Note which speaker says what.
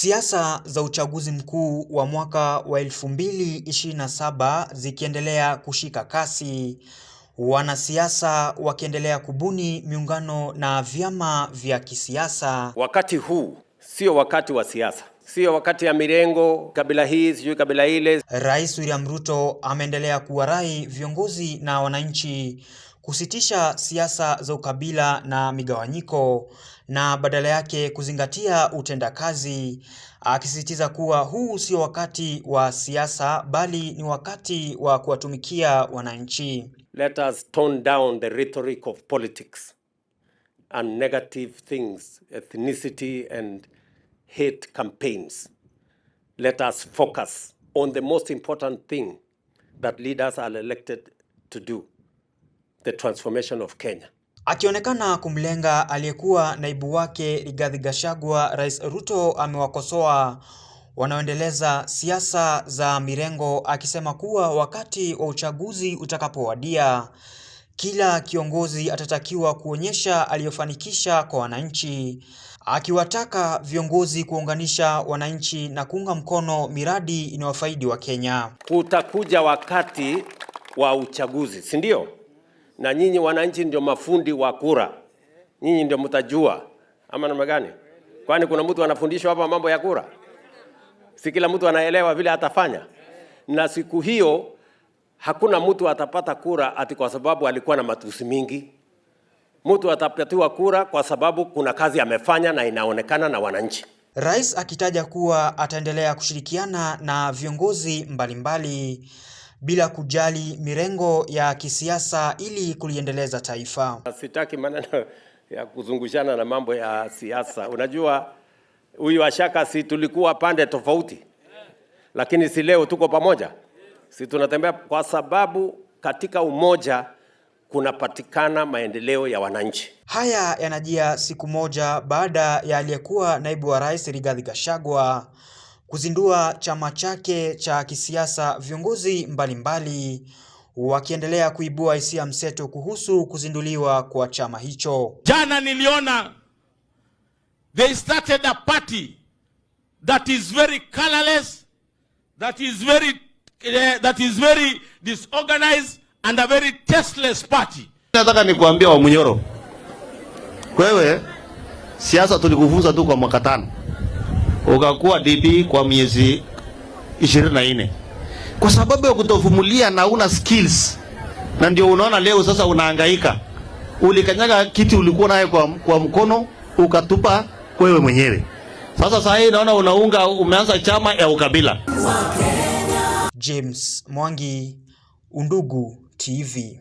Speaker 1: Siasa za uchaguzi mkuu wa mwaka wa 2027 zikiendelea kushika kasi, wanasiasa wakiendelea kubuni miungano na vyama vya kisiasa.
Speaker 2: Wakati huu sio wakati wa siasa, sio wakati ya mirengo, kabila hii sijui kabila ile.
Speaker 1: Rais William Ruto ameendelea kuwarai viongozi na wananchi kusitisha siasa za ukabila na migawanyiko na badala yake kuzingatia utendakazi, akisisitiza kuwa huu sio wakati wa siasa bali ni wakati wa kuwatumikia wananchi.
Speaker 3: Let us tone down the rhetoric of politics and negative things, ethnicity and hate campaigns. Let us focus on the most important thing that leaders are elected to do the transformation of Kenya.
Speaker 1: Akionekana kumlenga aliyekuwa naibu wake Rigathi Gachagua, Rais Ruto amewakosoa wanaoendeleza siasa za mirengo akisema kuwa wakati wa uchaguzi utakapowadia, kila kiongozi atatakiwa kuonyesha aliyofanikisha kwa wananchi, akiwataka viongozi kuunganisha wananchi na kuunga mkono miradi inayofaidi wa Kenya.
Speaker 2: Utakuja wakati wa uchaguzi, si ndio? na nyinyi wananchi ndio mafundi wa kura, nyinyi ndio mtajua ama namna gani? Kwani kuna mtu anafundishwa hapa mambo ya kura? Si kila mtu anaelewa vile atafanya. Na siku hiyo hakuna mtu atapata kura ati kwa sababu alikuwa na matusi mingi. Mtu atapatiwa kura kwa sababu kuna kazi amefanya na inaonekana na wananchi.
Speaker 1: Rais akitaja kuwa ataendelea kushirikiana na viongozi mbalimbali mbali bila kujali mirengo ya kisiasa ili kuliendeleza taifa.
Speaker 2: Sitaki maneno ya kuzungushana na mambo ya siasa. Unajua, huyu Ashaka si tulikuwa pande tofauti, lakini si leo tuko pamoja, si tunatembea kwa sababu katika umoja kunapatikana maendeleo ya wananchi.
Speaker 1: Haya yanajia siku moja baada ya aliyekuwa naibu wa rais Rigathi Gachagua kuzindua chama chake cha kisiasa, viongozi mbalimbali wakiendelea kuibua hisia mseto kuhusu kuzinduliwa kwa chama hicho.
Speaker 4: Jana niliona they started a party that is very colorless, that is very uh, that is very disorganized and a very tasteless party.
Speaker 2: Nataka nikuambia wa Munyoro, wewe siasa tulikufunza tu kwa mwaka tano ukakuwa DP kwa miezi 24 kwa sababu ya kutovumilia na una skills, na ndio unaona leo sasa unahangaika. Ulikanyaga kiti ulikuwa naye kwa, kwa mkono ukatupa wewe mwenyewe. Sasa saa hii naona unaunga umeanza chama ya ukabila.
Speaker 1: James Mwangi, Undugu TV.